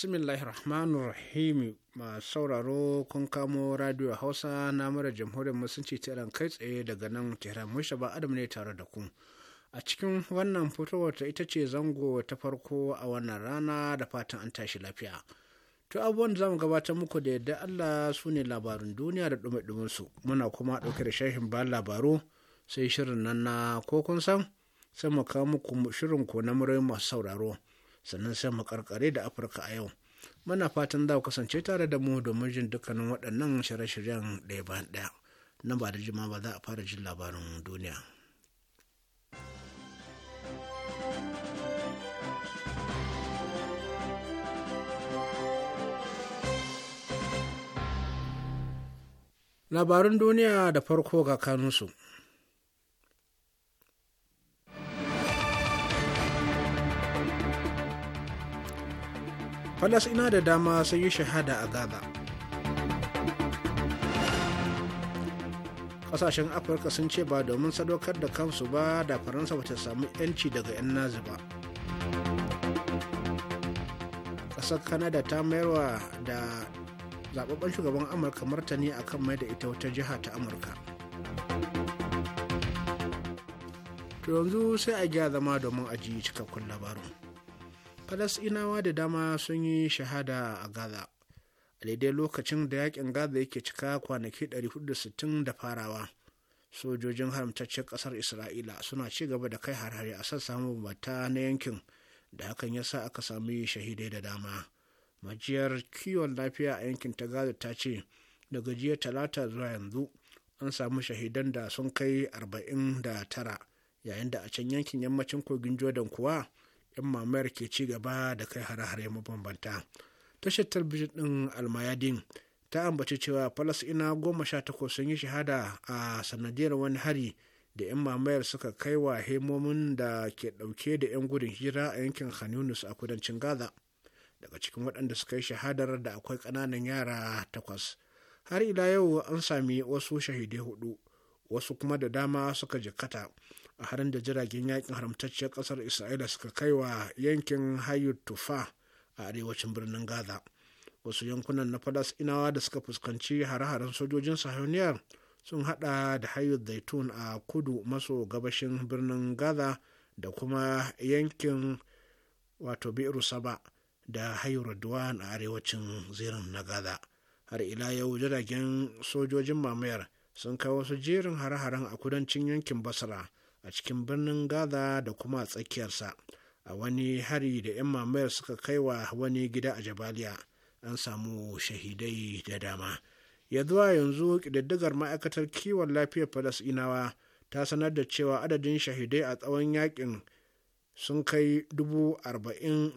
bismillahir rahmanir rahimi masu sauraro kun kamo radio hausa na mara jamhuriyar musulunci ta iran kai tsaye daga nan tehran musha ba adam ne tare da ku a cikin wannan fitowar ta ita ce zango ta farko a wannan rana da fatan an tashi lafiya to abubuwan za zamu gabatar muku da yadda allah su ne labarin duniya da dume su muna kuma ɗauke da shahin ba labaru sai shirin nan na ko kun san sai mu kawo muku shirin ko na murai masu sauraro sannan sai mu karkare da afirka a yau muna fatan za ku kasance tare da mu domin jin dukkanin waɗannan shirye-shiryen ɗaya bayan ɗaya na ba da jima ba za a fara jin labarin duniya labarin duniya da farko ga kanunsu falasina da dama sun yi shahada a gaza kasashen afirka sun ce ba domin sadaukar da kansu ba da faransa bata samu 'yanci daga 'yan nazi ba ƙasar Kanada ta mayarwa da zababben shugaban amurka martani a kan mai da ita wata jiha ta amurka to yanzu sai a gya zama domin ajiye cikakkun labarin Inawa da dama sun yi shahada a gaza a daidai lokacin da yakin gaza yake cika kwanaki 460 da farawa sojojin haramtaccen ƙasar isra'ila suna ci gaba da kai harhare a sassa mabata na yankin da hakan ya sa aka sami shahidai da dama majiyar kiwon lafiya a yankin ta gaza ta ce da jiya talata zuwa yanzu an samu shahidan da sun kai 49 yayin da a can yankin yammacin kogin jordan kuwa 'yan mamayar ke ci gaba da kai hare-hare mabambanta tashar talbijin ɗin almayadin ta ambaci cewa falasina goma sha takwas sun yi shahada a sanadiyar wani hari da 'yan mamayar suka kai wa hemomin da ke ɗauke da 'yan gudun hira a yankin hanunus a kudancin gaza daga cikin waɗanda suka yi shahadar da akwai ƙananan yara takwas har ila yau an sami wasu shahidai hudu wasu kuma da dama suka jikkata a harin da jiragen yakin haramtacciyar kasar isra'ila suka kai wa yankin hayu tufa a arewacin birnin gaza wasu yankunan na Falas Inawa da suka fuskanci hare-haren sojojin sahiyoniyar sun hada da hayu zaitun a kudu maso gabashin birnin gaza da kuma yankin wato bi'ru saba da hayu raduwan a arewacin zirin na gaza har ila yau jiragen sojojin mamayar sun kai wasu jerin hare-haren a kudancin yankin basra a cikin birnin gaza da kuma a tsakiyarsa a wani hari da 'yan mamayar suka kai wa wani gida a jabaliya an samu shahidai da dama ya zuwa yanzu ƙididdigar ma'aikatar kiwon lafiyar falasinawa ta sanar da cewa adadin shahidai a tsawon yakin sun kai dubu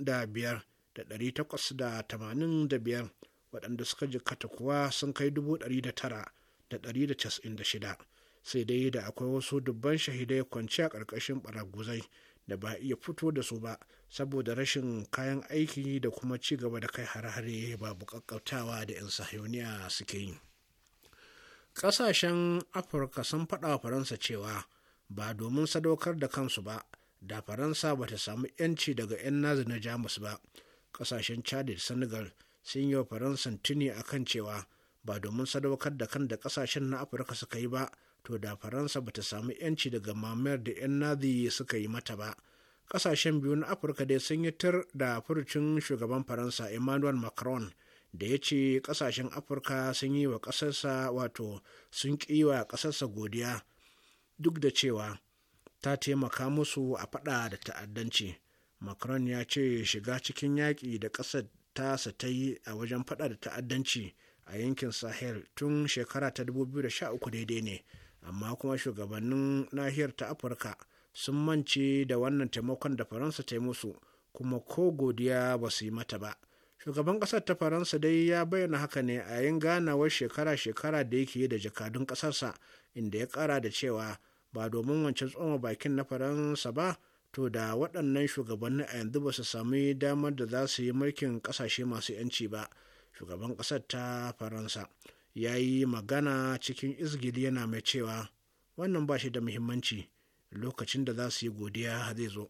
da biyar waɗanda suka jikata kuwa sun kai dubu ɗari da sai dai da akwai wasu dubban shahidai kwanci a ƙarƙashin baraguzai da ba iya fito da su ba saboda rashin kayan aiki da kuma ci gaba da kai hare-hare babu ƙaƙƙautawa da 'yan sahiyoniya suke yi ƙasashen afirka sun faɗa wa faransa cewa ba domin sadaukar da kansu ba da faransa ba ta samu 'yanci daga 'yan nazi na jamus ba ƙasashen chad da senegal sun yi wa faransa tuni akan cewa ba domin sadaukar da kan da ƙasashen na afirka suka yi ba to da faransa bata samu yanci daga mamayar da 'yan nazi suka yi mata ba ƙasashen biyu na afirka dai sun yi tur da furucin shugaban faransa emmanuel macron da ya ce ƙasashen afirka sun yi wa ƙasarsa wato sun ƙi wa ƙasarsa godiya duk da cewa ta taimaka musu a faɗa da ta'addanci macron ya ce shiga cikin yaƙi da ƙasar tasa ta yi a wajen faɗa da ta'addanci a yankin sahel tun shekara ta 2013 daidai ne amma kuma shugabannin nahiyar ta afirka sun mance da wannan taimakon da faransa ta yi musu kuma ko godiya ba su yi mata ba shugaban ƙasar ta faransa dai ya bayyana haka ne a yin ganawar shekara-shekara da yake da jakadun ƙasarsa inda ya ƙara da cewa ba domin wancan tsoma bakin na faransa ba to da waɗannan shugabanni a yanzu ba su sami damar da za su yi mulkin ƙasashe masu 'yanci ba shugaban ƙasar ta faransa ya yi magana cikin izgili yana mai cewa wannan ba shi da muhimmanci lokacin da za su yi godiya zai zo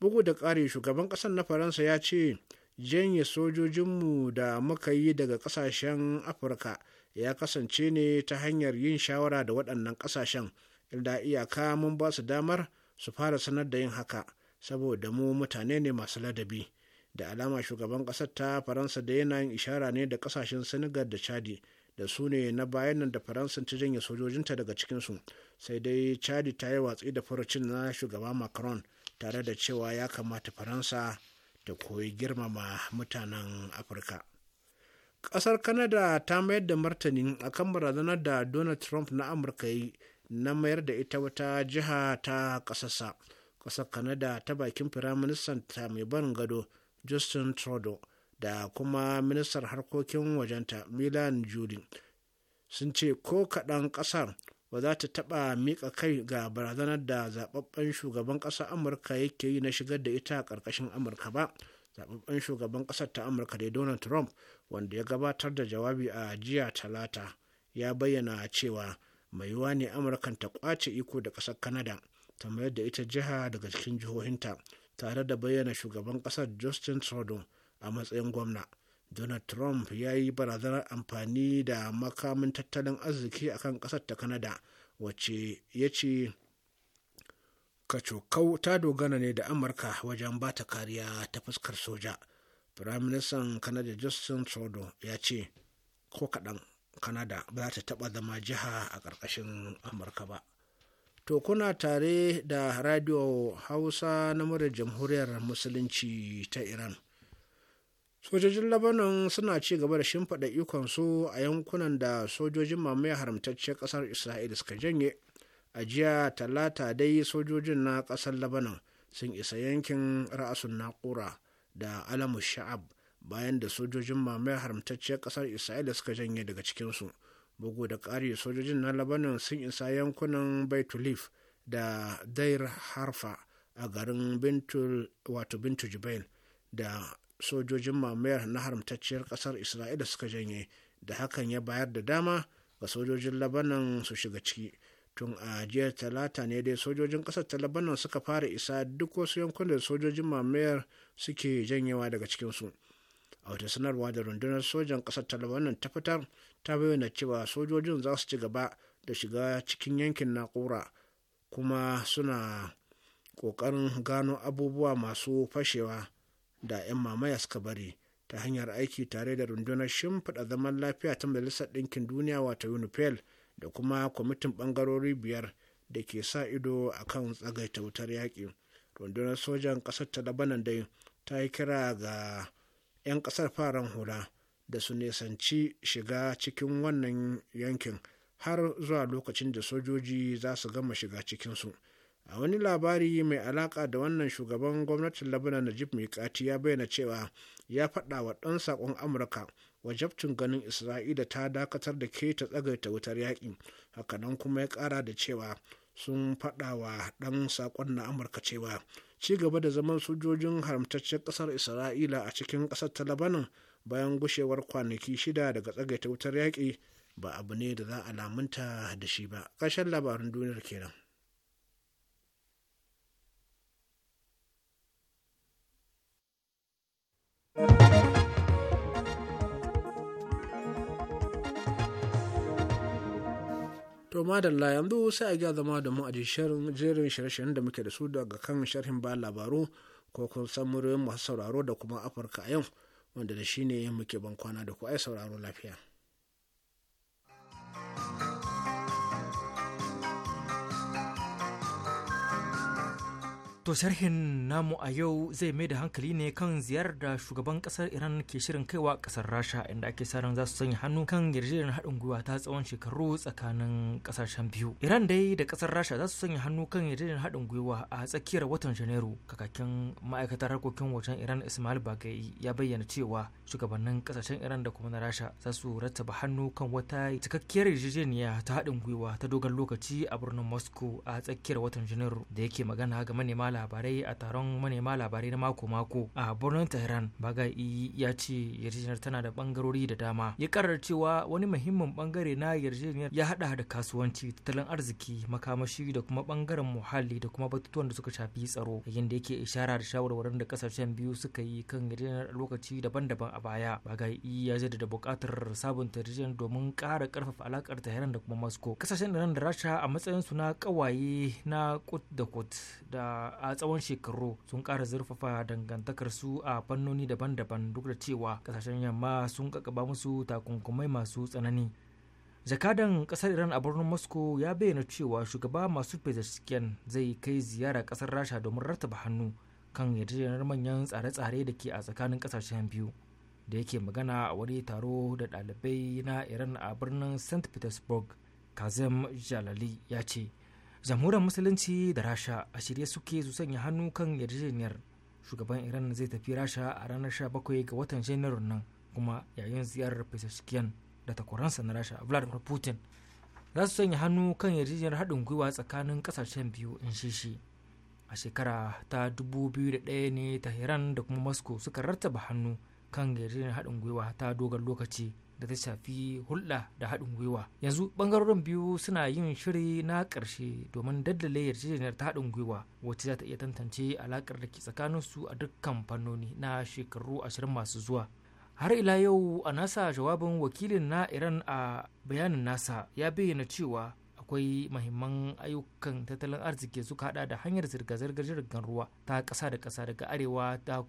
bugu da ƙari shugaban ƙasar na faransa ya ce janye sojojinmu da muka yi daga ƙasashen afirka ya kasance ne ta hanyar yin shawara da waɗannan ƙasashen inda iyaka mun ba su damar su fara sanar da yin haka saboda mu mutane ne masu ladabi da alama shugaban ƙasar ta faransa da yana yin ishara ne da ƙasashen senegal da chadi da su ne na bayan nan da faransa ta janye sojojinta daga cikinsu sai dai chadi ta yi watsi da faracin na shugaba macron tare da cewa ya kamata faransa ta koyi girmama mutanen afirka ƙasar kanada ta mayar da martani akan barazanar da donald trump na amurka na mayar da ita wata jiha ta ƙasarsa ƙasar kanada ta bakin firaministan ta mai ban gado justin trudeau da kuma ministar harkokin wajenta milan juli sun ce ko kaɗan ƙasar ba za ta taɓa miƙa kai ga barazanar da zaɓaɓɓen shugaban ƙasar amurka yake yi na shigar da ita a ƙarƙashin amurka ba zaɓaɓɓen shugaban ƙasar ta amurka da donald trump wanda ya gabatar da jawabi a jiya talata ya bayyana cewa mai yiwuwa ne amurkan ta ƙwace iko da ƙasar canada ta mayar da ita jiha daga cikin jihohinta tare da bayyana shugaban ƙasar justin trudeau a matsayin gwamna donald trump ya yi barazanar amfani da makamin tattalin arziki a kan ƙasar ta canada wacce ya ce kacokau ta dogana ne da amurka wajen ba ta kariya ta fuskar soja firaministan canada justin trudeau ya ce ko kaɗan Kanada ba ta taɓa zama jiha a ƙarƙashin amurka ba to kuna tare da radio hausa na murar jamhuriyar musulunci ta iran sojojin labanon suna ci gaba da shimfiɗa ikonsu a yankunan da sojojin mamaya haramtacciyar ƙasar isra'ila suka janye a jiya talata dai sojojin na ƙasar labanon sun isa yankin ra'asun naƙura da alamu sha'ab bayan da sojojin mamaya haramtacciyar ƙasar isra'ila suka janye daga cikinsu bugu da ƙari sojojin na labanon sun isa yankunan baitulif da dair harfa a garin bintul wato bintu jubail da sojojin mamayar na haramtacciyar ƙasar isra'ila suka janye da hakan ya bayar da dama ga sojojin labanan su shiga ciki tun a jiya talata ne dai sojojin kasar ta labanan suka fara isa duk wasu yankunan da sojojin mamayar suke janyewa daga cikinsu a wata sanarwa da rundunar sojan ƙasar ta labanan ta fitar ta bayyana cewa sojojin za su ci gaba da shiga cikin yankin naƙura kuma suna ƙoƙarin gano abubuwa masu fashewa da 'yan mamaya suka bari ta hanyar aiki tare da rundunar shimfiɗa zaman lafiya ta majalisar ɗinkin duniya wato unipel da kuma kwamitin ɓangarori biyar da ke sa ido a kan tsagaita wutar yaƙi rundunar sojan ƙasar ta labanan dai ta yi kira ga 'yan ƙasar faran hula da su nisanci shiga cikin wannan yankin har zuwa lokacin da sojoji za su gama shiga cikinsu. a wani labari mai alaka da wannan shugaban gwamnatin labanan najib mikati ya bayyana cewa ya faɗa wa ɗan saƙon amurka wajabcin ganin isra'ila ta dakatar da ke ta tsagaita wutar yaƙi hakanan kuma ya ƙara da cewa sun faɗa wa ɗan saƙon na amurka cewa ci gaba da zaman sojojin haramtaccen ƙasar isra'ila a cikin ƙasar ta labanan bayan gushewar kwanaki shida daga tsagaita wutar yaƙi ba abu ne da za a lamunta da shi ba ƙarshen labarin duniyar kenan. to madalla yanzu sai a gya zama domin a jerin shirye-shiryen da muke da su daga kan sharhin bayan labaru ko kun san muryoyin masu sauraro da kuma afirka a yau wanda da shi shine muke ban kwana da ku ai sauraro lafiya To sharhin namu a yau zai mai da hankali ne kan ziyarar da shugaban kasar Iran ke shirin kaiwa kasar Rasha inda ake sa ran za su sanya hannu kan yarjejeniyar haɗin gwiwa ta tsawon shekaru tsakanin kasashen biyu. Iran dai da kasar Rasha za su sanya hannu kan yarjejeniyar haɗin gwiwa a tsakiyar watan Janairu. Kakakin ma'aikatar harkokin wajen Iran Ismail Bagai ya bayyana cewa shugabannin kasashen Iran da kuma na Rasha za su rattaba hannu kan wata cikakkiyar yarjejeniya ta haɗin gwiwa ta dogon lokaci a birnin Moscow a tsakiyar watan Janairu da yake magana ga manema labarai a taron manema labarai na mako-mako a birnin tehran bagai ya ce yarjejeniyar tana da bangarori da dama ya karar cewa wani muhimmin bangare na yarjejeniyar ya hada da kasuwanci tattalin arziki makamashi da kuma bangaren muhalli da kuma batutuwan da suka shafi tsaro yayin da yake ishara da shawarwarin da kasashen biyu suka yi kan yarjejeniyar lokaci daban-daban a baya baga ya jaddada buƙatar sabunta yarjejeniyar domin ƙara ƙarfafa alaƙar tehran da kuma moscow kasashen nan da rasha a matsayin su na ƙawaye na kut da kut da a tsawon shekaru sun ƙara zurfafa dangantakarsu a fannoni daban-daban duk da cewa kasashen yamma sun kakaba musu takunkumai masu tsanani jakadan kasar iran a birnin moscow ya bayyana cewa shugaba masu pezeshkian zai kai ziyara ƙasar rasha domin rattaba hannu kan yarjejeniyar manyan tsare-tsare da ke a tsakanin ƙasashen biyu da yake magana a wani taro da ɗalibai na iran a birnin st petersburg kazem jalali ya ce jamhuriyar musulunci da rasha a shirye suke su sanya hannu kan yarjejeniyar shugaban iran zai tafi rasha a ranar 17 ga watan janairun nan kuma yayin ziyarar pezeshkian da takwaransa na rasha vladimir putin za su sanya hannu kan yarjejeniyar haɗin gwiwa tsakanin ƙasashen biyu in shishi a shekara ta 2001 ne tahiran da kuma moscow suka rattaba hannu kan yarjejeniyar haɗin gwiwa ta dogon lokaci da ta shafi hulɗa da haɗin gwiwa yanzu ɓangarorin biyu suna yin shiri na ƙarshe domin daddale yarjejeniyar ta haɗin gwiwa wacce za ta iya tantance alaƙar da ke su a dukkan fannoni na shekaru ashirin masu zuwa har ila yau a nasa jawabin wakilin na iran a bayanin nasa ya bayyana cewa akwai mahimman ayyukan tattalin arziki suka hada da hanyar zirga-zirgar jirgin ruwa ta ƙasa da ƙasa daga arewa da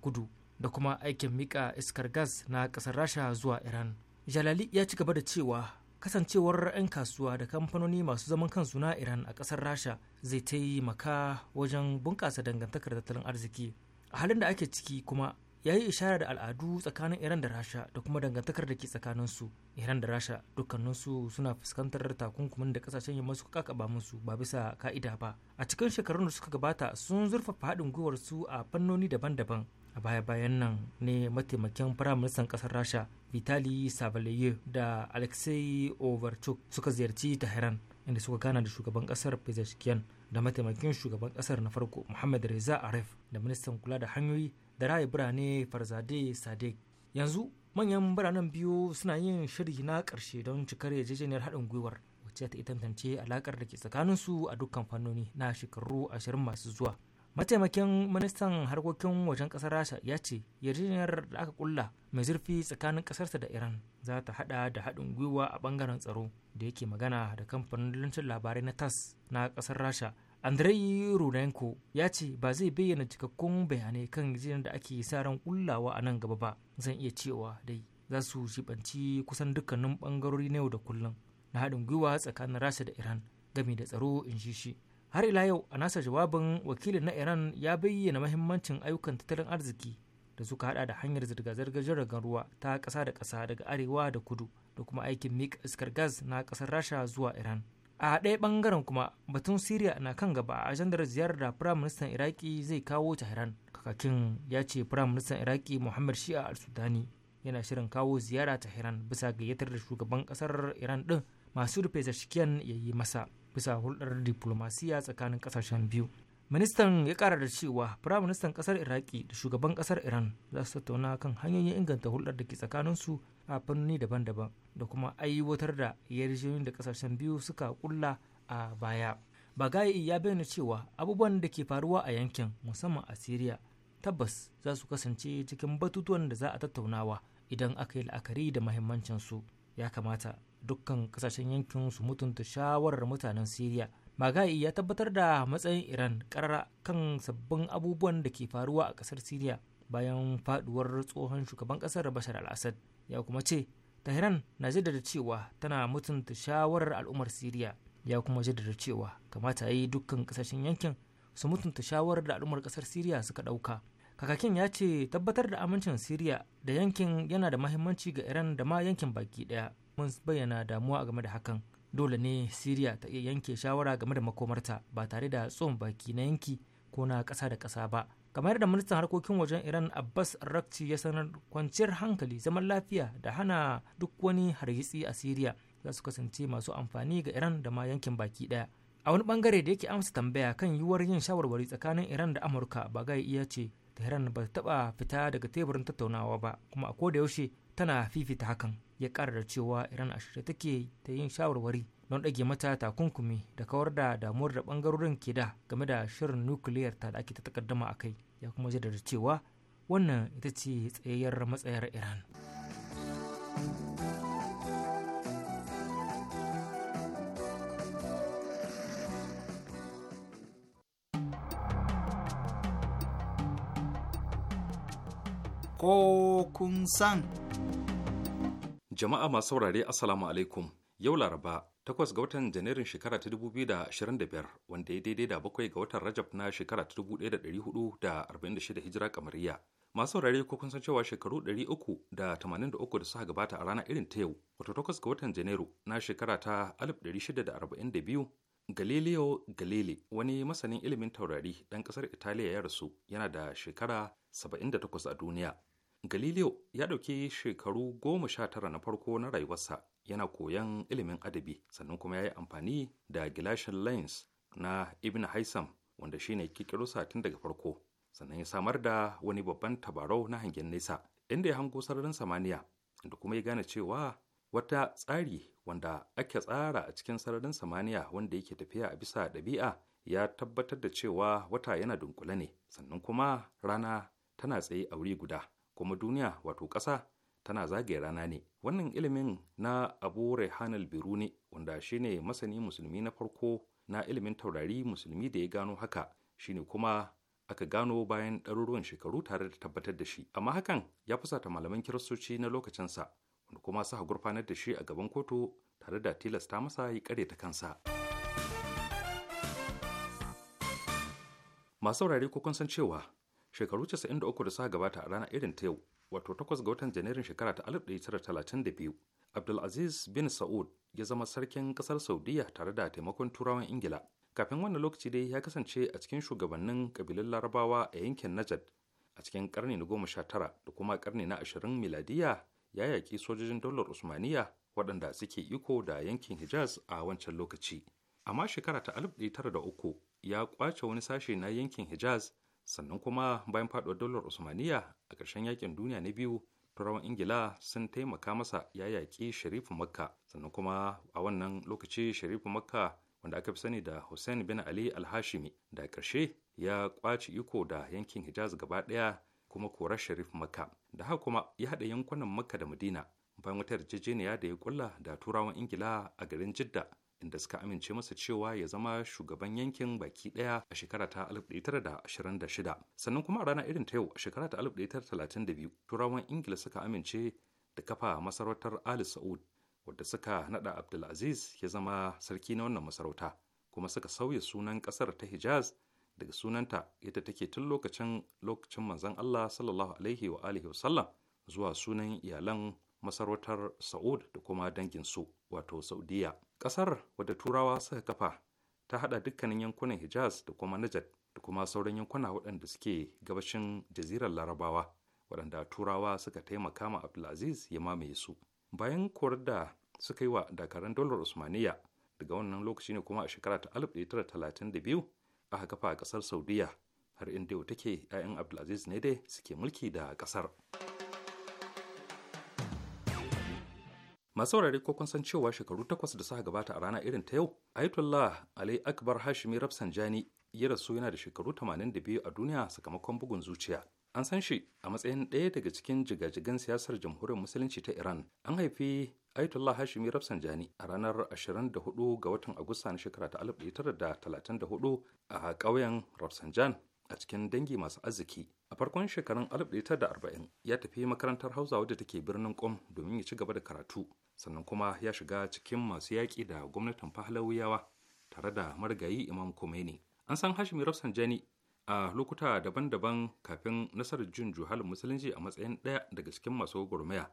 kudu da kuma aikin mika iskar gas na kasar rasha zuwa iran jalali ya ci gaba da cewa kasancewar 'yan kasuwa da kamfanoni masu zaman kansu na iran a kasar rasha zai maka wajen bunƙasa dangantakar tattalin arziki a halin da ake ciki kuma ya yi ishara da al'adu tsakanin iran da rasha da kuma dangantakar da ke tsakaninsu iran da rasha dukkaninsu suna fuskantar takunkumin da kasashen yamma suka kakaba musu ba bisa ka'ida ba a cikin shekarun da suka gabata sun zurfafa haɗin gwiwar su a fannoni daban-daban a baya-bayan nan ne mataimakin firaministan ƙasar rasha vitali savaliyev da alexei overchuk suka ziyarci tehran inda suka gana da shugaban ƙasar pezeshkian da mataimakin shugaban ƙasar na farko muhammad reza aref da ministan kula da hanyoyi da raya birane farzade sadek yanzu manyan biranen biyu suna yin shiri na karshe don cikar yarjejeniyar haɗin gwiwar wacce ta tantance alakar da ke tsakanin su a dukkan fannoni na shekaru ashirin masu zuwa mataimakin ministan harkokin wajen kasar rasha ya ce yarjejeniyar da aka kulla mai zurfi tsakanin kasarsa da iran za ta hada da haɗin gwiwa a ɓangaren tsaro da yake magana da kamfanin lantarki labarai na tas na kasar rasha andrei rudenko ya ce ba zai bayyana cikakkun bayanai kan yarjejeniyar da ake sa ran kullawa a nan gaba ba zan iya cewa dai za su jibanci kusan dukkanin bangarori na yau da kullum na haɗin gwiwa tsakanin rasha da iran game da tsaro in shi shi har ila yau a nasa jawabin wakilin na iran ya bayyana mahimmancin ayyukan tattalin arziki da suka hada da hanyar zirga-zirgar jiragen ruwa ta kasa da kasa daga arewa da kudu da kuma aikin miƙa iskar gas na kasar rasha zuwa iran a ɗaya bangaren kuma batun siriya na kan gaba a ajandar ziyarar da firaministan iraki zai kawo tehran kakakin ya ce firaministan iraki muhammad shi'a al-sudani yana shirin kawo ziyara tehran bisa gayyatar da shugaban kasar iran din masu rufe ya yi masa bisa hulɗar diplomasiya tsakanin ƙasashen biyu ministan ya ƙara da cewa firaministan ƙasar iraki da shugaban ƙasar iran za su tattauna kan hanyoyin inganta hulɗar da ke tsakaninsu a fannoni daban-daban da kuma aiwatar da yarjejeniyoyin da ƙasashen biyu suka kulla a baya bagayi ya bayyana cewa abubuwan da ke faruwa a yankin musamman a siriya tabbas za su kasance cikin batutuwan da za a tattaunawa idan aka yi la'akari da mahimmancinsu ya kamata dukkan kasashen yankin su mutunta shawarar mutanen siriya magai ya tabbatar da matsayin iran karara kan sabbin abubuwan da ke faruwa a kasar siriya bayan faduwar tsohon shugaban kasar bashar al-assad ya kuma ce tahiran na jaddada cewa tana mutunta shawarar al'ummar siriya ya kuma jaddada cewa kamata yi dukkan kasashen yankin su mutunta shawarar da al'ummar kasar siriya suka ɗauka. kakakin ya ce tabbatar da amincin siriya da yankin yana da mahimmanci ga iran da ma yankin baki ɗaya. mun bayyana damuwa game da hakan dole ne siriya ta iya yanke shawara game da makomarta ba tare da tsohon baki na yanki ko na ƙasa da kasa ba kamar da ministan harkokin wajen iran abbas rakci ya sanar kwanciyar hankali zaman lafiya da hana duk wani hargitsi a siriya za su kasance masu amfani ga iran da ma yankin baki daya a wani bangare da yake amsa tambaya kan yiwuwar yin shawarwari tsakanin iran da amurka ba bagai iya ce tehran ba ta taba fita daga teburin tattaunawa ba kuma a ko da yaushe tana fifita hakan ya ƙara da cewa iran a shirye take ta yin shawarwari don ɗage mata takunkumi da kawar da damuwar da ɓangarorin ke da game da shirin nukiliyar ta da ake ta takaddama a kai ya kuma jaddada cewa wannan ita ce tsayayyar matsayar iran ko kun san Jama'a masu saurare Assalamu alaikum. Yau Laraba, takwas ga watan Janairun shekara ta 2025 wanda ya daidai da bakwai ga watan Rajab na shekara ta 1446 Hijira kamariya. Masu saurare ko kun san cewa shekaru 383 da suka gabata a rana irin ta yau, wato takwas ga watan Janairu na shekara ta 1642 Galileo galile wani masanin ilimin taurari ɗan ƙasar Italiya ya rasu yana da shekara 78 a duniya. Galileo ya ɗauki shekaru goma sha tara na farko na rayuwarsa yana koyon ilimin adabi sannan kuma ya yi amfani da gilashin lines na Ibn Haisam wanda shine kikiro satin daga farko sannan ya samar da wani babban tabarau na hangen nesa inda ya hango sararin samaniya da kuma ya gane cewa wata tsari wanda ake tsara a cikin sararin samaniya wanda yake tafiya a bisa ɗabi'a ya tabbatar da cewa wata yana dunkule ne sannan kuma rana tana tsaye a wuri guda kuma duniya wato ƙasa tana zagaye rana ne wannan ilimin na abu rehanal ne, wanda shine masani musulmi na farko na ilimin taurari musulmi da ya gano haka shine kuma aka gano bayan ɗaruruwan shekaru tare da tabbatar da shi amma hakan ya fusata malaman kiristoci na lokacinsa wanda kuma sa gurfanar da shi a gaban kotu tare da tilasta masa ya kare ta kansa masu saurare ko kun san cewa shekaru 93 da suka gabata a rana irin ta yau wato 8 ga watan janairun shekara ta 1932 abdulaziz bin sa'ud ya zama sarkin kasar saudiya tare da taimakon turawan ingila kafin wannan lokaci dai ya kasance a cikin shugabannin kabilun larabawa a yankin najad a cikin karni na goma sha tara da kuma karni na ashirin miladiya ya yaƙi sojojin daular usmaniya waɗanda suke iko da yankin hijaz a wancan lokaci amma shekara ta 1903 ya kwace wani sashe na yankin hijaz sannan kuma bayan faɗuwar daular usmaniya a ƙarshen yakin duniya na biyu turawan ingila sun taimaka masa ya yaƙi sharifu makka sannan kuma a wannan lokaci sharifu makka wanda aka fi sani da hussein bin ali alhashimi da ƙarshe ya ƙwace iko da yankin hijaz gaba ɗaya kuma korar sharif makka da haka kuma ya haɗa yankunan makka da madina bayan wata yarjejeniya da ya kulla da turawan ingila a garin jidda inda suka amince masa cewa ya zama shugaban yankin baki daya a shekara ta 1926 sannan kuma a ranar irin ta yau a shekara ta 1932 turawan ingila suka amince da kafa masarautar ali sa'ud wadda suka nada abdulaziz ya zama sarki na wannan masarauta kuma suka sauya sunan kasar ta hijaz daga sunanta yadda take tun lokacin lokacin manzon allah sallallahu alaihi wa alihi wasallam zuwa sunan iyalan masarautar sa'ud da kuma danginsu wato saudiya kasar wadda Turawa suka kafa ta haɗa dukkanin yankunan Hijaz da kuma Najad da kuma sauran yankuna waɗanda suke gabashin jazirar Larabawa waɗanda Turawa suka taimaka ma Abdulaziz ya mamaye su. Bayan korar da suka yi wa dakarun dolar Usmaniya daga wannan lokaci ne kuma a shekara ta biyu aka kafa a kasar Saudiya har inda yau take 'ya'yan Abdulaziz ne dai suke mulki da kasar. masu saurare ko kun san cewa shekaru takwas da suka gabata a rana irin ta yau ayatollah ali akbar hashimi rafsanjani ya rasu yana da shekaru 82 a duniya sakamakon bugun zuciya an san shi a matsayin ɗaya daga cikin jigajigan siyasar jamhuriyar musulunci ta iran an haifi ayatollah hashimi rafsanjani a ranar 24 ga watan agusta na shekara ta 1934 a ƙauyen rafsanjan a cikin dangi masu arziki a farkon shekarun 1940 ya tafi makarantar hausa wadda take birnin kom domin ya ci gaba da karatu sannan kuma ya shiga cikin masu yaƙi da gwamnatin fahlawiyawa tare da marigayi imam Khomeini. an san hashimi rafsanjani a lokuta daban-daban kafin nasarar jin juhalin musulunci a matsayin ɗaya daga cikin masu gwagwarmaya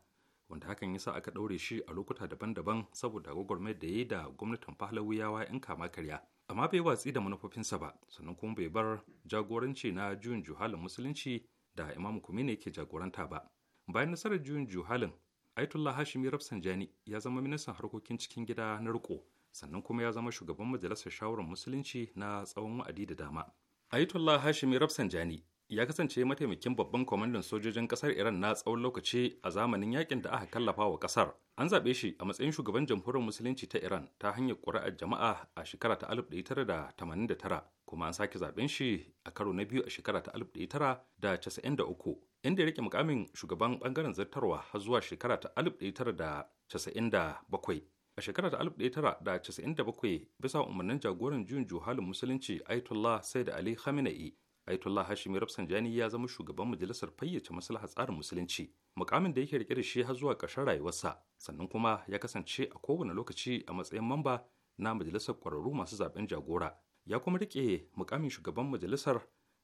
wanda hakan ya sa aka ɗaure shi a lokuta daban-daban saboda gwagwarmayar da ya yi da gwamnatin fahlawiyawa in kama karya amma bai watsi da manufofinsa ba sannan kuma bai bar jagoranci na juyin juhalin musulunci da imam kumine ke jagoranta ba bayan nasarar juyin juhalin Aitullah Hashimi Rafsanjani ya zama ministan harkokin cikin gida na riko sannan kuma ya zama shugaban majalisar shawarar musulunci na tsawon wa'adi da dama. Aitullah Hashimi Rafsanjani ya kasance mataimakin babban kwamandan sojojin kasar Iran na tsawon lokaci a zamanin yakin da aka kallafa wa kasar. An zaɓe shi a matsayin shugaban jamhuriyar musulunci ta Iran ta hanyar ƙuri'ar jama'a a shekara ta 1989 kuma an sake zaɓen shi a karo na biyu a shekara ta 1993 inda ya rike mukamin shugaban bangaren zartarwa har zuwa shekara ta 1997 a shekara ta 1997 bisa umarnin jagoran juyin juhalin musulunci sai said ali khamenei Aitullah hashimi rafsanjani ya zama shugaban majalisar fayyace maslahar tsarin musulunci mukamin da yake rike da shi har zuwa ƙarshen rayuwarsa sannan kuma ya kasance a kowane lokaci a matsayin mamba na majalisar kwararru masu zaben jagora ya kuma rike mukamin shugaban majalisar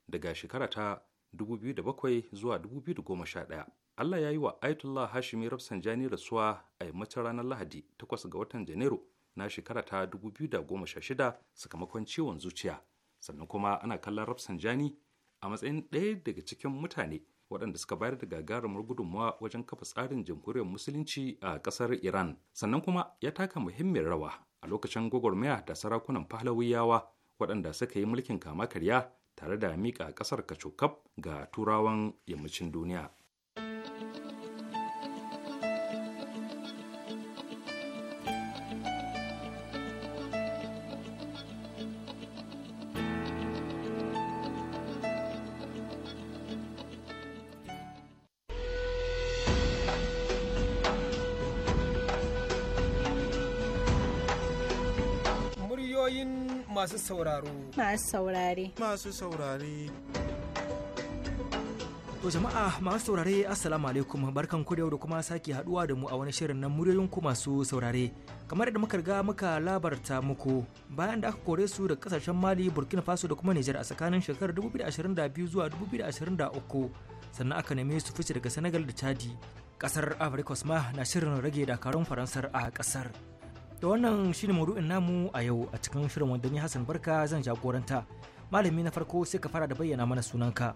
daga shekara ta 2007 zuwa 2011 Allah ya yi wa Aitullah Hashimi Rafsanjani rasuwa a yammacin ranar Lahadi 8 ga watan Janairu na shekara ta 2016 sakamakon ciwon zuciya sannan kuma ana kallon Rafsanjani a matsayin ɗaya daga cikin mutane waɗanda suka bayar da gagarumar gudunmawa wajen kafa tsarin jamhuriyar musulunci a ƙasar Iran sannan kuma ya taka muhimmin rawa a lokacin gwagwarmaya da sarakunan Pahlawiyawa waɗanda suka yi mulkin kama karya tare da miƙa ƙasar kacokaf ga turawan yammacin duniya sauraro. Masu saurare. Masu saurare. To jama'a masu saurare assalamu alaikum barkan ku da yau kuma sake haduwa da mu a wani shirin nan muryoyin ku masu saurare kamar da muka riga muka labarta muku bayan da aka kore su da kasashen Mali Burkina Faso da kuma Niger a tsakanin shekarar 2022 zuwa 2023 sannan aka neme su fice daga Senegal da Chadi kasar Africa ma na shirin rage dakarun Faransar a kasar da wannan shine maudu'in namu a yau a cikin shirin wanda ni Hassan Barka zan jagoranta malami na farko sai ka fara da bayyana mana sunanka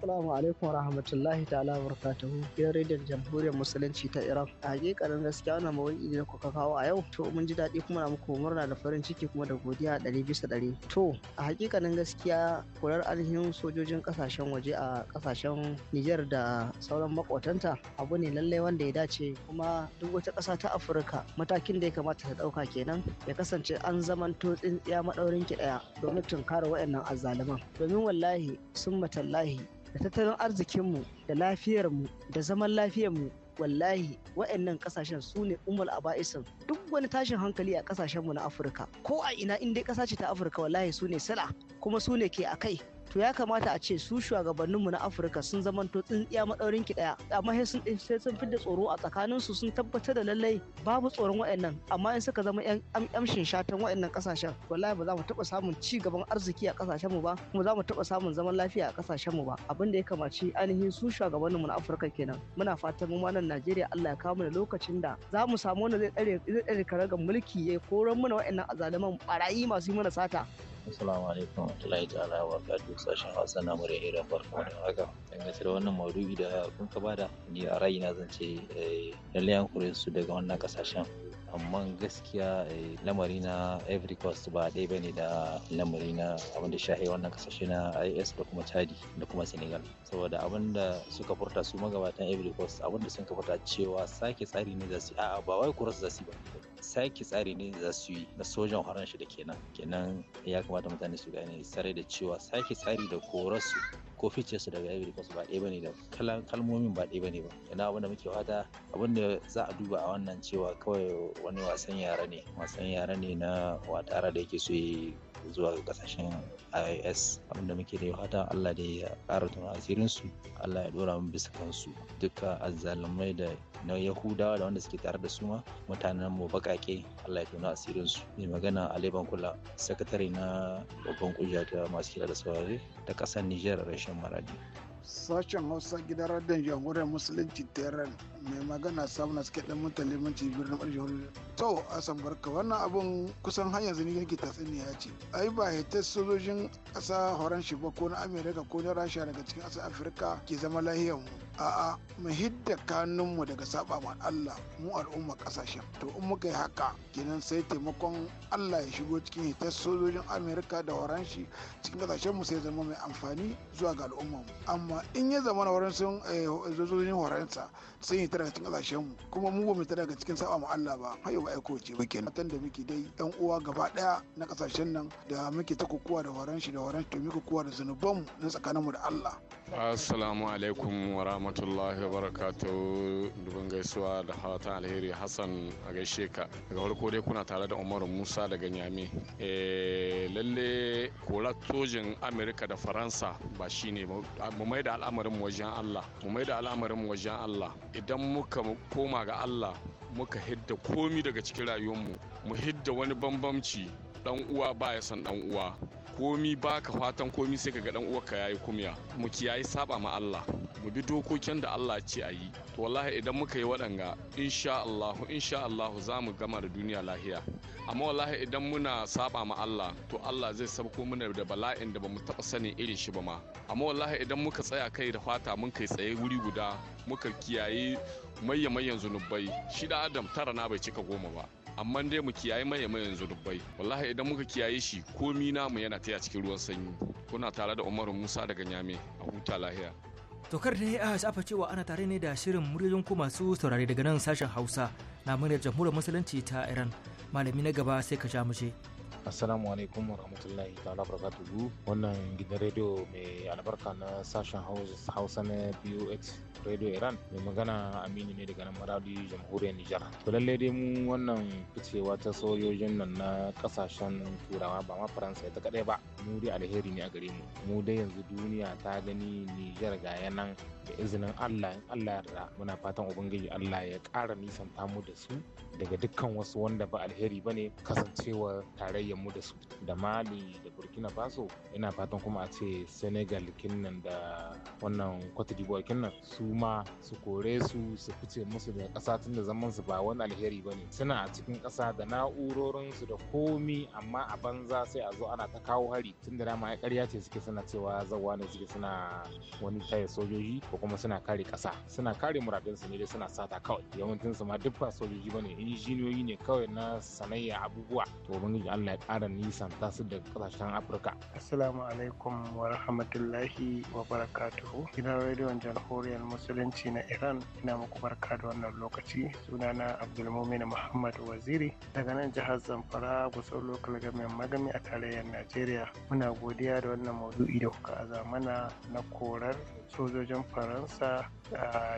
Assalamu alaikum wa rahmatullahi ta'ala wa barakatuhu. Gidan rediyon jamhuriyar musulunci ta Iran. A hakikanin gaskiya wannan mawuyi da kuka kawo a yau to mun ji daɗi kuma na muku murna da farin ciki kuma da godiya ɗari bisa ɗari. To a hakikanin gaskiya kurar ainihin sojojin ƙasashen waje a ƙasashen Nijar da sauran makwatanta abu ne lallai wanda ya dace kuma duk wata ƙasa ta Afirka matakin da ya kamata ta ɗauka kenan ya kasance an zamanto tsintsiya maɗaurin ki ɗaya domin tunkara waɗannan azzaluman domin wallahi sun matallahi da tattalin arzikinmu da lafiyarmu da zaman mu, wallahi wa'annan kasashen su ne umar aba'isin duk wani tashin hankali a kasashenmu na afirka ko a ina inda dai kasa ta afirka wallahi su ne sala kuma su ne ke a kai to ya kamata a ce su shugabanninmu na afirka sun zamanto tsintsiya maɗaurin ki ɗaya amma sai sun fidda tsoro a tsakanin su sun tabbatar da lallai babu tsoron wayannan. amma in suka zama yan amshin shatan wa'annan ƙasashen wallahi ba za mu taɓa samun ci gaban arziki a ƙasashen mu ba kuma za mu taɓa samun zaman lafiya a ƙasashen mu ba abin da ya kamaci ainihin su shugabanninmu na afirka kenan muna fatan mu ma nan najeriya allah ya kawo mana lokacin da za mu samu wanda zai tsare zai tsare karagar mulki ya koran mana wa'annan azaliman barayi masu yi mana sata Assalamu alaikum warahmatullahi ta'ala wa duk sashen Hausa na murya Iran barkamu da haka. Dangance da wannan maudu'i da kun ka bada ni a ra'ina zan ce eh, lallai an kore su daga wannan kasashen amma gaskiya eh, lamari na ivory coast ba ɗaya ne da lamari na abinda shahe wannan kasashe na is da kuma chadi da kuma senegal saboda abinda suka furta su magabatan ivory coast abinda sun ka furta cewa sake tsari ne za su a'a ba wai kuras za su ba sake tsari ne za yi na sojan horon shi da kenan kenan ya kamata mutane su gane sarai da cewa sake tsari da korasu ko ficewarsu daga Ivory Coast ba ɗaya bane da kalmomin ba ɗaya bane ba ina abinda muke fata abinda za a duba a wannan cewa kawai wani wasan yara ne wasan yara ne na watara da yake so zuwa ga kasashen IIS wanda muke da fatan Allah da ya ƙara tuna asirin su Allah ya dora mu bisa kansu duka azzalumai da na Yahudawa da wanda suke tare da su ma mutanen mu bakake Allah ya tuna asirin su mai magana Aliban Kula sakatare na babban kungiya ta masu kira da saurare ta ƙasar Nijar rashin maradi sashen Hausa gidan radon jamhuriyar Musulunci Tehran mai magana na suke dan mutane limanci birnin ɓarshen to asan barka wannan abun kusan har yanzu ni nake ya ce ai ba ta sojojin ƙasa horon shi ba ko na amerika ko na rasha daga cikin ƙasar afirka ke zama lahiyar mu a'a mu hidda kanunmu daga saba ma allah mu al'umma ƙasashen to in muka yi haka kenan sai taimakon allah ya shigo cikin ta sojojin amerika da horon shi cikin ƙasashen mu sai zama mai amfani zuwa ga al'umma mu amma in ya zama na horon sun eh, sojojin horonsa sun yi ita cikin kasashen mu kuma mu ba mu ita daga cikin saba mu Allah ba har yau aiko ce ba kenan matan da muke dai yan uwa gaba ɗaya na kasashen nan da muke ta kokowa da horon shi da horon shi to muke kokowa da zanuban mu na tsakanin mu da Allah assalamu alaikum wa rahmatullahi wa barakatuhu dubin gaisuwa da hawata alheri hassan a gaishe ka daga farko dai kuna tare da umaru musa daga nyame eh, lalle kora tojin amerika da faransa ba shine mu mai da al'amarin wajen allah mu mai da al'amarin wajen allah idan muka koma ga allah muka hidda komi daga cikin rayuwarmu mu hidda wani bambamci dan uwa ba ya san dan uwa komi baka fatan komi sai ka ga dan uwarka yayi kumya mu kiyaye saba ma Allah mu bi dokokin da Allah ce a yi to wallahi idan muka yi waɗanga insha Allah insha Allah za mu gama da duniya lahiya amma wallahi idan muna saba ma Allah to Allah zai sabko mana da bala'in da bamu taba sanin irin shi ba ma amma wallahi idan muka tsaya kai da fata mun kai tsaye wuri guda muka kiyaye mayya mayyan zunubai shi da adam tara na bai cika goma ba amma dai mu kiyaye mai maye yanzu dubbai wallahi idan muka kiyaye shi komi namu yana taya cikin ruwan sanyi kuna tare da umaru musa daga nyame a huta lahiya tokar da ya shafa cewa ana tare ne da shirin muryoyin ku masu saurare daga nan sashen hausa na muryar jamhuriyar musulunci ta iran malami na gaba sai ka ja mu je. assalamu alaikum warahmatullahi ta'ala barakatuhu wannan gidan Radio mai albarka na sashen hausa na box radio iran mai magana aminu ne daga nan maradi jamhuriyar nijar to lalle dai mu wannan ficewa ta sojojin nan na kasashen turawa ba ma faransa ta kadai ba mu dai alheri ne a gare mu mu dai yanzu duniya ta gani nijar ga yanan da izinin allah in allah ya da muna fatan ubangiji allah ya kara nisan mu da su daga dukkan wasu wanda ba alheri bane kasancewa tarayya halayyar mu da su da mali da burkina faso ina fatan kuma a ce senegal kinnan da wannan cote d'ivoire kinnan su ma su kore su su fice musu da kasa tun da zaman su ba wani alheri ba ne suna a cikin kasa da na'urorin su da komi amma a banza sai a zo ana ta kawo hari tun da dama ƙarya ce suke suna cewa zawa ne suke suna wani taya sojoji ko kuma suna kare kasa suna kare muradinsu ne dai suna sata kawai yawancin su ma duk ba sojoji ba ne injiniyoyi ne kawai na sanayya abubuwa to ubangiji Allah ƙara nisan tasu da ƙasashen afirka assalamu alaikum wa rahmatullahi wa barakatuhu gidan rediyon jamhuriyar musulunci na iran ina muku barka da wannan lokaci sunana abdulmumin muhammad waziri daga nan jihar zamfara gusa lokal gamin magami a tarayyar najeriya muna godiya da wannan maudu'i da kuka aza mana na korar sojojin faransa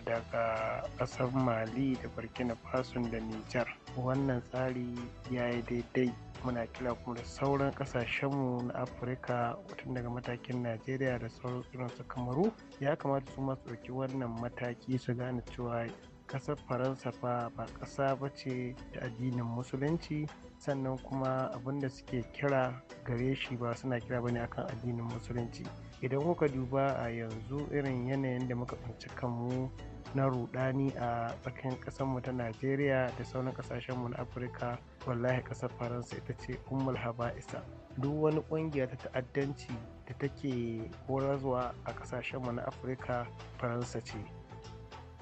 daga ƙasar mali da burkina faso da nijar wannan tsari ya yi daidai muna kira kuma da sauran kasashenmu na afirka tun daga matakin najeriya da sauran su kamaru ya kamata su masu ɗauki wannan mataki su gane cewa kasar faransa fa ba ƙasa ba ce da addinin musulunci sannan kuma abinda suke kira gare shi ba suna kira bane akan addinin musulunci idan kuka duba a yanzu irin yanayin da muka tsinci kanmu na rudani a tsakanin mu ta najeriya da sauran mu na afirka wallahi ƙasar faransa ita ce ummul haba'isa duk wani ƙungiya ta ta'addanci da take horarwa a ƙasashenmu na afirka faransa ce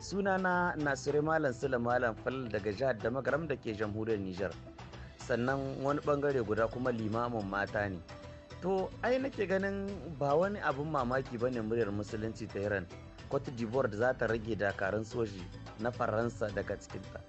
sunana nasiru malam sula malam fal daga jihar da magaram da ke jamhuriyar nijar sannan wani bangare guda kuma limamin mata ne to ai nake ganin ba wani abin mamaki ba ne muryar musulunci ta iran cote d'ivoire da za ta rage dakarun soji na faransa daga cikinta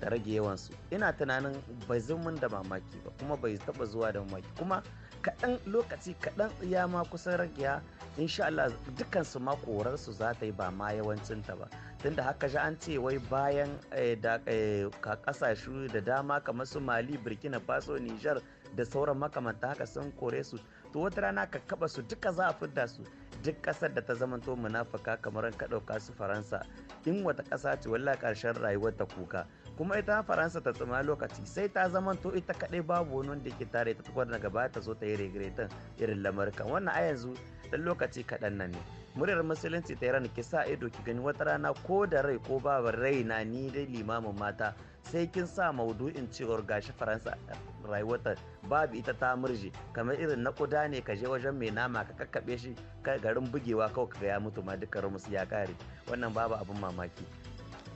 ta rage yawansu ina tunanin bai zumun da mamaki ba kuma bai taba zuwa da mamaki kuma kaɗan lokaci kaɗan ya ma kusan rage ya insha Allah dukkan su ma korarsu za ta yi ba ma yawancin ta ba tunda haka ji an ce wai bayan eh, da eh, kasashe da dama kamar su Mali Burkina Faso Niger da sauran makamanta haka sun kore su to wata rana ka kaba su duka za a fidda su duk kasar da ta zamanto munafuka kamar ka ɗauka su faransa in wata ƙasa ce walla ƙarshen rayuwar ta kuka kuma ita faransa ta tsima lokaci sai ta zamanto ita kaɗai babu wani wanda ke tare ta tukwar daga baya ta zo ta yi regretin irin lamarka wannan a yanzu ɗan lokaci kaɗan nan ne muryar musulunci ta iran ki sa ido ki gani wata rana ko da rai ko babar rai na ni dai limamin mata sai kin sa maudu'in cewar gashi faransa rayuwarta babu ita ta murje kamar irin na kuda ne ka je wajen mai nama ka kakkaɓe shi garin bugewa kawai ka ya mutu ma duka ramus ya kare wannan babu abin mamaki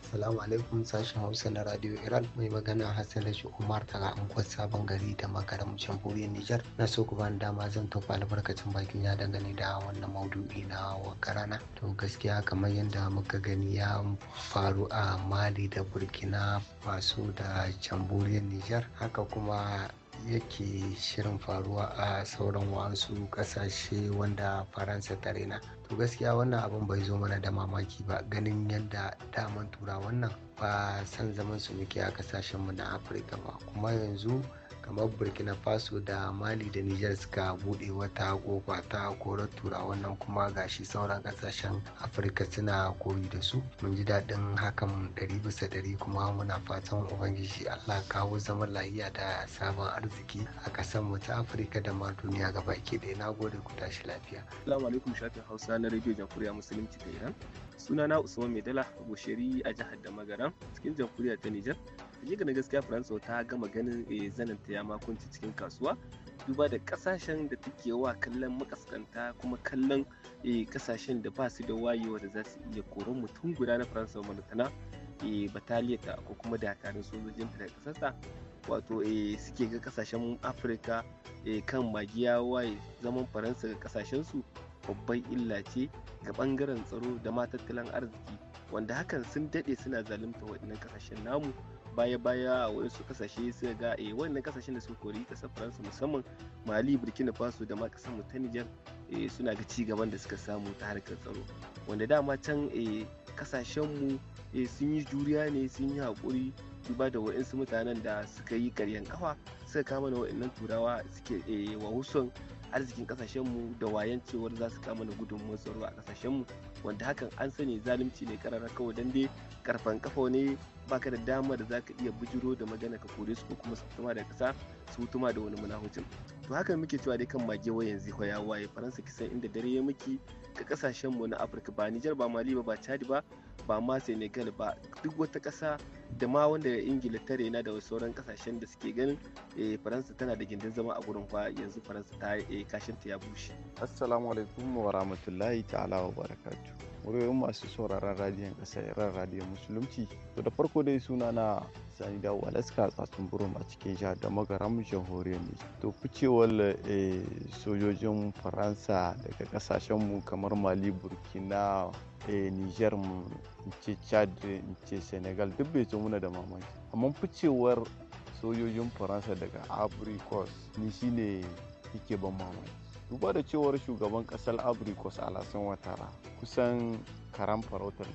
Assalamu alaikum sashen Hausa na Radio Iran mai magana Hassan Rashi Umar daga Ankwat Sabon Gari da Makarar Jamhuriyar Nijar. Na so ku bani dama zan tafi albarkacin bakin ya dangane da wannan maudu'i na wakarana. To gaskiya kamar yadda muka gani ya faru a Mali da Burkina Faso da Jamhuriyar Nijar. Haka kuma yake shirin faruwa a sauran wasu kasashe wanda faransa ta raina to gaskiya wannan abin bai zo mana da mamaki ba ganin yadda daman tura wannan ba san zaman su muke a kasashenmu na afirka ba kuma yanzu kamar burkina faso da mali da niger suka bude wata kofa ta korar turawa wannan kuma gashi sauran kasashen afirka suna koyi da su mun ji daɗin hakan ɗari bisa ɗari kuma muna fatan ubangiji allah kawo zaman lahiya da sabon arziki a ƙasar mu ta afirka da ma duniya gaba ke ɗaya na gode ku tashi lafiya. salamu alaikum shafin hausa na rediyo jamhuriya musulunci ta iran sunana usman maidala gosheri a jihar da magaran cikin jamhuriya ta nijar hakika na gaskiya faransa ta gama ganin eh, zanen ta ya makunci cikin kasuwa duba da kasashen da take wa kallon makaskanta kuma kallon kasashen eh, da ba su da wayewa da za su iya koron mutum guda na faransa wa malatana eh, bataliya ta ko kuma dakarun sojojin ta da kasarsa wato suke ga kasashen afirka kan magiya waye zaman faransa ga kasashen su babban illa ce ga bangaren tsaro da ma tattalin arziki wanda hakan sun daɗe suna zalunta waɗannan kasashen namu baya-baya a wasu kasashe sai ga eh wannan kasashen da suka kori kasar faransa musamman mali burkina faso da ma kasar ta nijar eh, suna ga ci gaban da suka samu ta harkar tsaro wanda dama can kasashen eh, mu eh, sun yi juriya ne sun yi haƙuri duba da wa'insu mutanen da suka yi karyan kafa suka kama da wa'annan turawa suke wa husun arzikin kasashen mu da wayan cewar za su kama da gudunmuwar tsaro a mu wanda hakan an sani zalunci ne karara kawai dan dai karfan kafa ne baka da dama da zaka iya bujiro da magana ka kore su ko kuma su tuma da kasa su hutuma da wani munahucin to haka muke cewa dai kan mage wa yanzu ko ya waye faransa kisan inda dare ya miki ka kasashen mu na afirka ba nijar ba mali ba ba chadi ba ba ma senegal ba duk wata ƙasa da ma wanda ingila ta rena da sauran kasashen da suke ganin eh, faransa tana da gindin zama a gurin kwa yanzu faransa ta eh, kashin ta ya bushe assalamu alaikum wa rahmatullahi ta'ala wa barakatu muryoyin masu sauraron radiyon kasa irin radiyon musulunci to da farko dai suna na sani dawo walaska tsatsun burum a cikin jihar da magaram jamhuriyar ne to ficewar eh, sojojin faransa daga kasashen mu kamar mali burkina Eh, niger mu ce chad ce senegal duk bai zo muna da mamaki amma ficewar sojojin faransa daga abricos ni shine yake ban mamaki duba da cewar shugaban kasar abricos alasan watara kusan karan farautar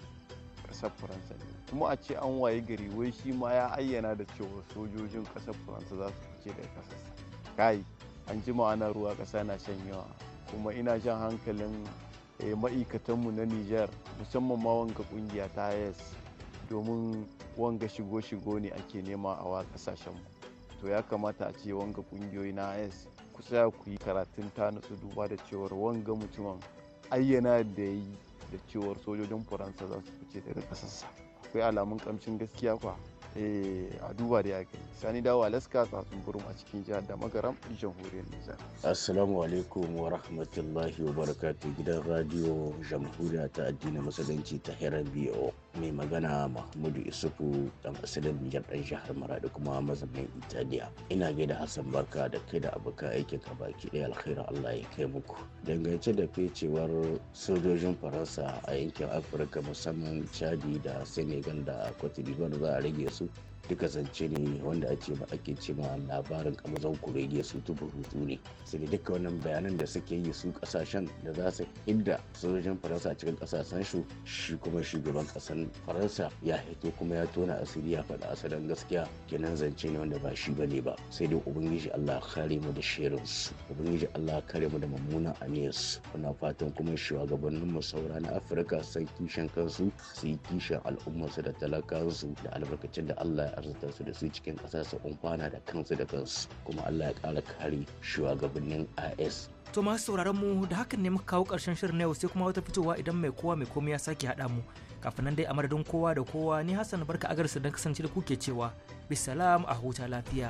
kasar faransa ne kuma a ce an waye gari wai shi ma ya ayyana da cewa sojojin kasar faransa za su fice daga kasar kai an jima ana ruwa kasa na shan yawa kuma ina jan hankalin Eh, ma'aikatanmu na Nijar musamman ma wanga kungiya ta yes domin wanga shigo-shigo ne ake nema a wa kasashenmu to ya kamata a ce wanga kungiyoyi na yes kusa ku yi karatun ta nutsu duba da cewar wanga mutumin ayyana da yi da cewar sojojin faransa za su fice daga ƙasarsa akwai alamun kamshin gaskiya kwa Eh, a duba da ya sani dawo alaska tsatsun burum a cikin jihar da magaram jamhuriyar nijar assalamu alaikum wa rahmatullahi wa barakatuh gidan radio jamhuriya ta addinin musulunci ta hera bo mai magana mahmudu isufu dan asalin niger dan jihar maradi kuma mazaunin italiya ina gaida hassan barka da kai da abuka yake ka baki ɗaya alkhairar allah ya kai muku dangance da fecewar sojojin faransa a yankin afirka musamman chadi da senegal da cote d'ivoire za a rage su duka zance ne wanda ake ba ake ce ma labarin amazon kurege su tubu hutu ne sai duka wannan bayanan da suke yi su kasashen da za su inda sojojin faransa cikin kasashen su shi kuma shugaban kasan faransa ya hito kuma ya tona asiri ya faɗa asalin gaskiya kenan zance ne wanda ba shi bane ba sai dai ubangiji Allah kare mu da shirin su ubangiji Allah kare mu da mummunan aniyas muna fatan kuma shugabannin mu saura na Afirka sai kishin kansu su yi kishin al'ummarsu da talakansu da albarkacin da Allah Allah ya su da su cikin kasar su kwana da kansu da kansu kuma Allah ya ƙara kari shugabannin IS To masu sauraron mu da hakan ne muka kawo karshen shirin na yau sai kuma wata fitowa idan mai kowa mai komai ya sake haɗa mu. Kafin nan dai a madadin kowa da kowa ni Hassan barka agarsu don kasance da kuke cewa bisalam a huta lafiya.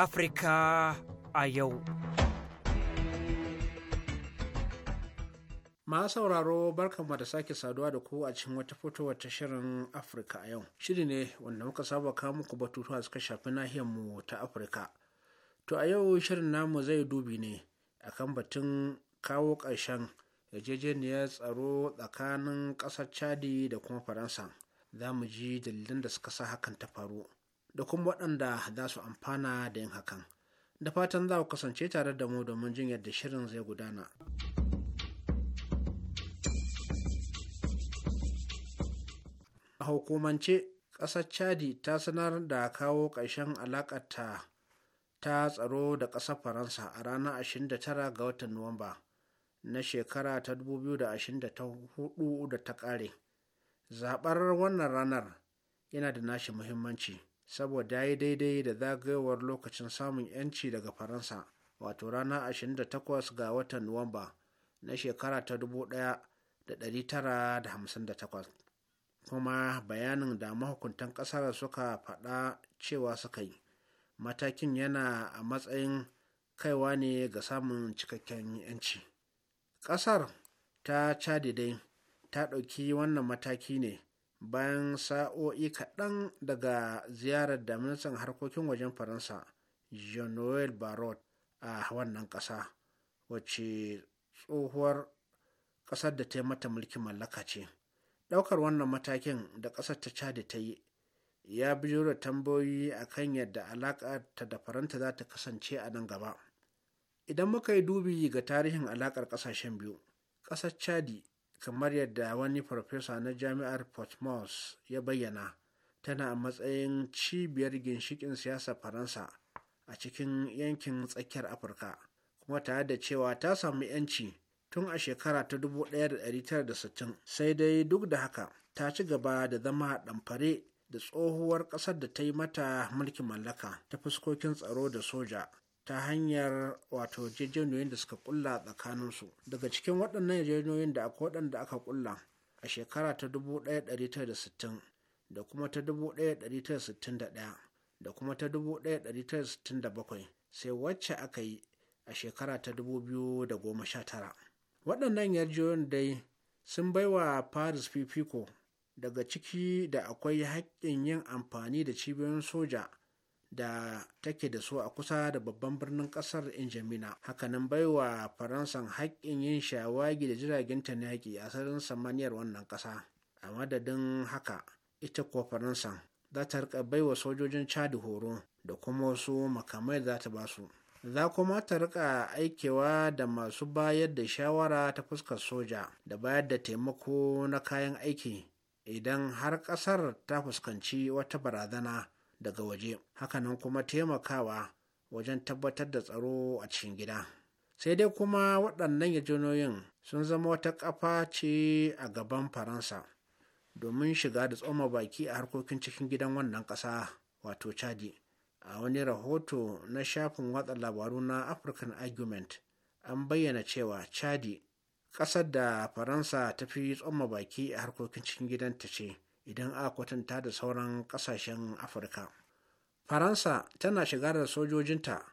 Afirka a yau. Ma sauraro barkanmu da sake saduwa da ku a cikin wata fitowar ta shirin Afirka a yau. Shiri ne wanda muka saba kawo muku batutuwa suka shafi nahiyarmu ta Afirka. To a yau shirin namu zai dubi ne akan batun kawo ƙarshen yarjejeniyar tsaro tsakanin ƙasar Chadi da kuma Faransa. Za mu ji dalilan da suka sa hakan ta faru. da kuma waɗanda za su amfana da yin hakan da fatan za ku kasance tare da mu domin jin yadda shirin zai gudana a hukumance ƙasar chadi ta sanar da kawo ƙarshen alaƙarta ta tsaro da ƙasar faransa a ranar 29 ga watan nuwamba na shekara ta 2024 da ta ƙare zaɓar wannan ranar yana da nashi muhimmanci saboda ya yi daidai da zagayowar lokacin samun 'yanci daga faransa wato rana 28 ga watan nuwamba na shekara ta 1958 kuma bayanin da mahukuntan ƙasar suka faɗa cewa suka yi matakin yana a matsayin kaiwa ne ga samun cikakken 'yanci ƙasar ta chadi dai ta ɗauki wannan mataki ne bayan sa'o'i kaɗan daga ziyarar da ministan harkokin wajen faransa jean-noel barot a wannan ƙasa wacce tsohuwar ƙasar da ta yi mata mulkin mallaka ce ɗaukar wannan matakin da ƙasar ta cadi ta yi ya biyo da tambayoyi a kan yadda alaƙar ta da faranta za ta kasance a nan gaba idan muka yi dubi ga tarihin alaƙar ƙasashen biyu ƙasar chadi kamar yadda wani farfesa na jami'ar portsmouth ya bayyana tana a matsayin cibiyar ginshikin siyasar faransa a cikin yankin tsakiyar afirka kuma tare da cewa ta samu yanci tun a shekara ta 1960 sai dai duk da haka ta ci gaba da zama ɗamfare da tsohuwar ƙasar da ta yi mata mulkin mallaka ta fuskokin tsaro da soja ta hanyar wato jejjenoyin da suka kulla su daga cikin waɗannan jejjenoyin da akwai waɗanda aka kulla a shekara ta 1960 da kuma ta 1961 da kuma ta 1967 sai wacce aka yi a shekara ta 2019 waɗannan yarjejeniyoyin dai sun baiwa paris fifiko daga ciki da akwai haƙƙin yin amfani da cibiyoyin soja da take da su a kusa da babban birnin kasar injamina hakanan baiwa faransan haƙƙin yin shawagi da jiragen ta yaƙi a sararin samaniyar wannan ƙasa a madadin haka ita kuwa faransan za ta rika baiwa sojojin chad horo da kuma wasu makamai za ta ba su za kuma ta rika aikewa da masu bayar da shawara ta fuskar soja da bayar da taimako na kayan aiki idan har ƙasar ta fuskanci wata barazana daga waje hakanan kuma taimakawa wajen tabbatar da tsaro a cikin gida sai dai kuma waɗannan yajinoyin sun zama wata ƙafa ce a gaban faransa domin shiga da tsoma baki a harkokin cikin gidan wannan ƙasa wato chadi a wani rahoto na shafin watsa labaru na african argument an bayyana cewa chadi ƙasar da faransa ta fi tsoma baki a harkokin cikin gidanta ce idan a kwatanta da sauran ƙasashen afirka faransa tana shiga da sojojinta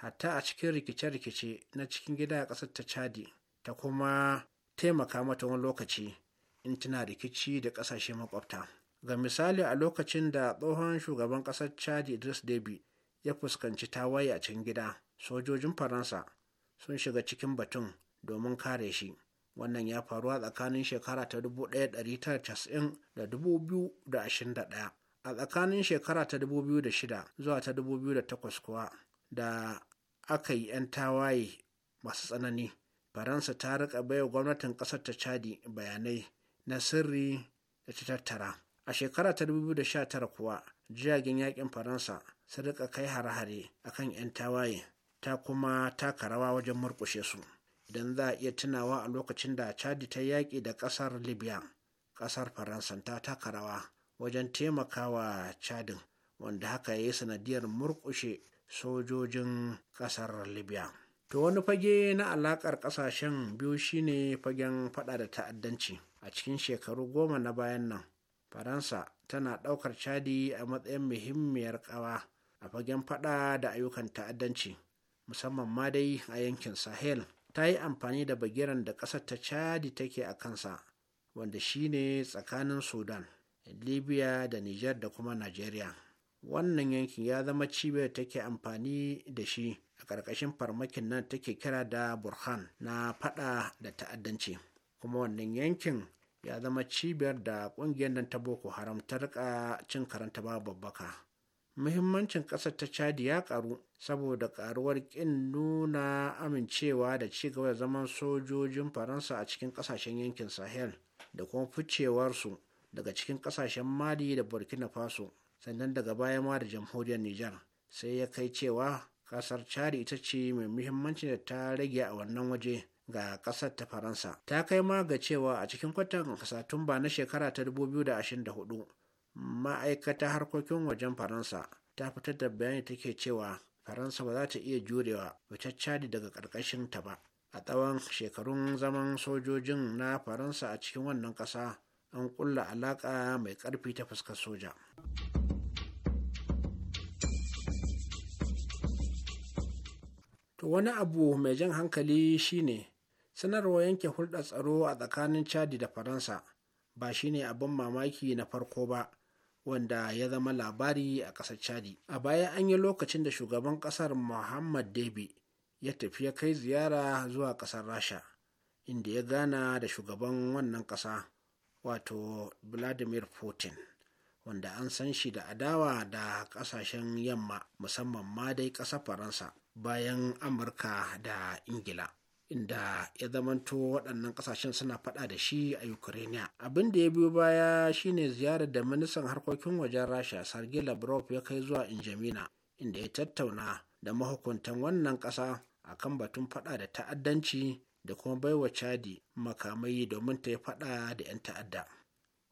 hatta a cikin rikice-rikice na cikin gida a ƙasar ta chadi ta kuma taimaka mata wani lokaci in tana rikici da ƙasashe makwabta ga misali a lokacin da tsohon shugaban ƙasar chadi idris deby ya fuskanci tawaye a cikin gida sojojin faransa sun shiga cikin batun domin kare shi wannan ya faru a tsakanin shekara ta 1990 da 2021 a tsakanin shekara ta 2006 zuwa ta 2008 kuwa da aka yi 'yan tawaye masu tsanani faransa ta rika baiwa gwamnatin ƙasar ta chadi bayanai na sirri da ta tattara a shekara ta 2019 kuwa jiragen yakin faransa sun rika kai hare-hare akan 'yan tawaye ta kuma taka rawa wajen murkushe su. idan za a iya tunawa a lokacin da chadi ta yaƙi da ƙasar libya ƙasar faransa ta taka rawa wajen taimakawa chadin wanda haka ya yi sanadiyar murƙushe sojojin ƙasar libya to wani fage na alaƙar ƙasashen biyu shine fagen faɗa da ta'addanci a cikin shekaru goma na bayan nan faransa tana ɗaukar chadi a matsayin muhimmiyar ƙawa a fagen faɗa da ayyukan ta'addanci musamman ma dai a yankin sahel ta yi amfani da bagiran da ƙasar ta chadi take a kansa wanda shine tsakanin sudan libya da niger da kuma nigeria wannan yankin ya zama cibiyar take amfani da shi a ƙarƙashin farmakin nan take kira da burhan na fada da ta'addanci kuma wannan yankin ya zama cibiyar da ƙungiyar nan ta boko haram ta rika cin karanta babu babbaka muhimmancin ƙasar ta chadi ya ƙaru saboda ƙaruwar ƙin nuna amincewa da ci gaba da zaman sojojin faransa a cikin ƙasashen yankin sahel da kuma ficewarsu daga cikin ƙasashen mali da burkina faso sannan daga baya ma da jamhuriyar nijar sai ya kai cewa ƙasar chadi ita ce mai muhimmanci da ta rage a wannan waje ga ƙasar ta faransa ta kai ma ga cewa a cikin kwatan satumba na shekara ta 2024 ma'aikata harkokin wajen faransa ta fitar da bayani take cewa faransa ba za ta iya jurewa cadi daga ƙarƙashin ta ba a tsawon shekarun zaman sojojin na faransa a cikin wannan ƙasa an ƙulla alaƙa mai ƙarfi ta fuskar soja. wani abu mai jan hankali shine sanarwa yanke hulɗar tsaro a tsakanin Chadi da Faransa ba shine abin mamaki na farko ba wanda ya zama labari a ƙasar chadi a baya an yi lokacin da shugaban ƙasar muhammad debi ya tafi ya kai ziyara zuwa ƙasar rasha inda ya gana da shugaban wannan ƙasa wato vladimir putin wanda an san shi da adawa da ƙasashen yamma musamman ma dai ƙasar faransa bayan amurka da ingila inda ya zamanto waɗannan ƙasashen suna faɗa da shi a ukraine abin da ya biyo baya shine ziyarar da ministan harkokin wajen rasha sergei lavrov ya kai zuwa injamina inda ya tattauna da mahukuntan wannan ƙasa a kan batun faɗa da ta'addanci da kuma baiwa chadi makamai domin ta yi faɗa da 'yan ta'adda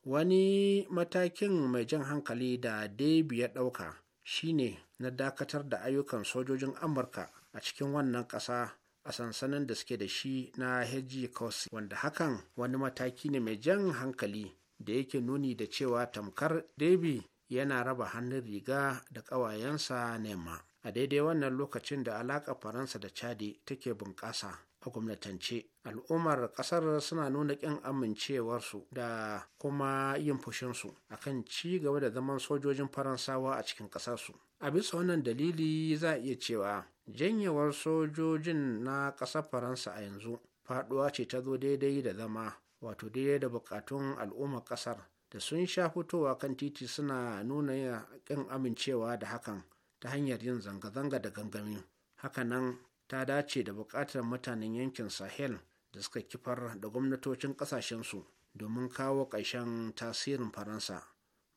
wani matakin mai jan hankali da debi ya ɗauka shine na dakatar da ayyukan sojojin amurka a cikin wannan ƙasa a sansanin da suke da shi na Hejikosi wanda hakan wani mataki ne mai jan hankali da yake nuni da cewa tamkar Debi yana raba hannun riga da ƙawayensa nema. A daidai wannan lokacin da alaƙa Faransa da Chadi take bunƙasa a gwamnatance, al'ummar ƙasar suna nuna ƙin amincewarsu da kuma yin fushinsu a kan ci gaba da zaman sojojin Faransawa a cikin ƙasarsu. A bisa wannan dalili za a iya cewa janyewar sojojin na ƙasar faransa a yanzu faɗuwa ce ta zo daidai da zama wato daidai da buƙatun al'ummar ƙasar da sun sha fitowa kan titi suna nuna ƙin amincewa da hakan ta hanyar yin zanga-zanga da gangami hakanan ta dace da buƙatar mutanen yankin sahel da suka kifar da gwamnatocin ƙasashensu domin kawo ƙarshen tasirin faransa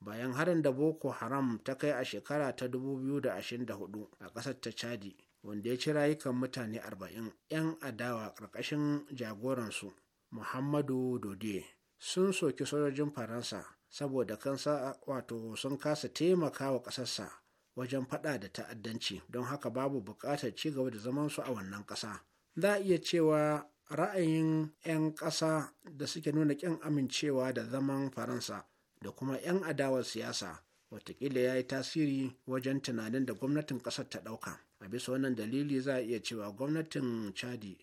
bayan harin da boko haram ta kai a shekara ta 2024 a ƙasar ta chadi wanda ya ci rayukan mutane arba'in, 'yan adawa ƙarƙashin jagoransu muhammadu Dodie sun soki sojojin faransa saboda kansa wato sun kasa taimaka wa ƙasarsa wajen faɗa da ta'addanci don haka babu buƙatar ci gaba da zamansu a wannan ƙasa za a iya cewa ra'ayin 'yan ƙasa da suke nuna ƙin amincewa da zaman faransa da kuma 'yan adawar siyasa watakila ya yi tasiri wajen tunanin da gwamnatin ƙasar ta ɗauka a bisa wannan dalili za a iya cewa gwamnatin chadi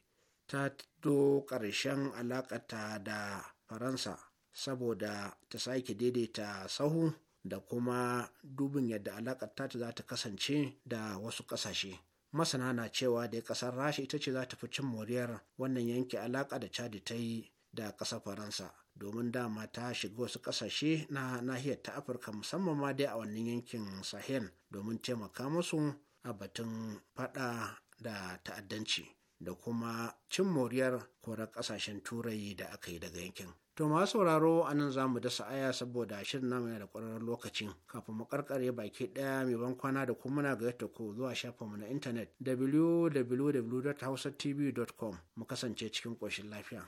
ta zo ƙarshen alaƙata da faransa saboda ta sake daidaita sahu da kuma dubin yadda alaƙar ta za ta kasance da wasu ƙasashe masana na cewa da ƙasar rasha ita ce za ta fi cin moriyar wannan yanke alaƙa da chadi ta yi da ƙasar faransa domin dama ta shiga wasu ƙasashe na nahiyar ta afirka musamman ma dai a wannan yankin sahel domin taimaka musu a batun fada da ta'addanci da kuma cin moriyar korar kasashen turai da aka yi daga yankin to ma sauraro a nan za mu dasa aya saboda shirin namu yana da ƙwararren lokacin kafin mu karkare baki ɗaya mai ban kwana da kuma muna gayyata ko zuwa mu na intanet www.hausatv.com mu kasance cikin ƙoshin lafiya.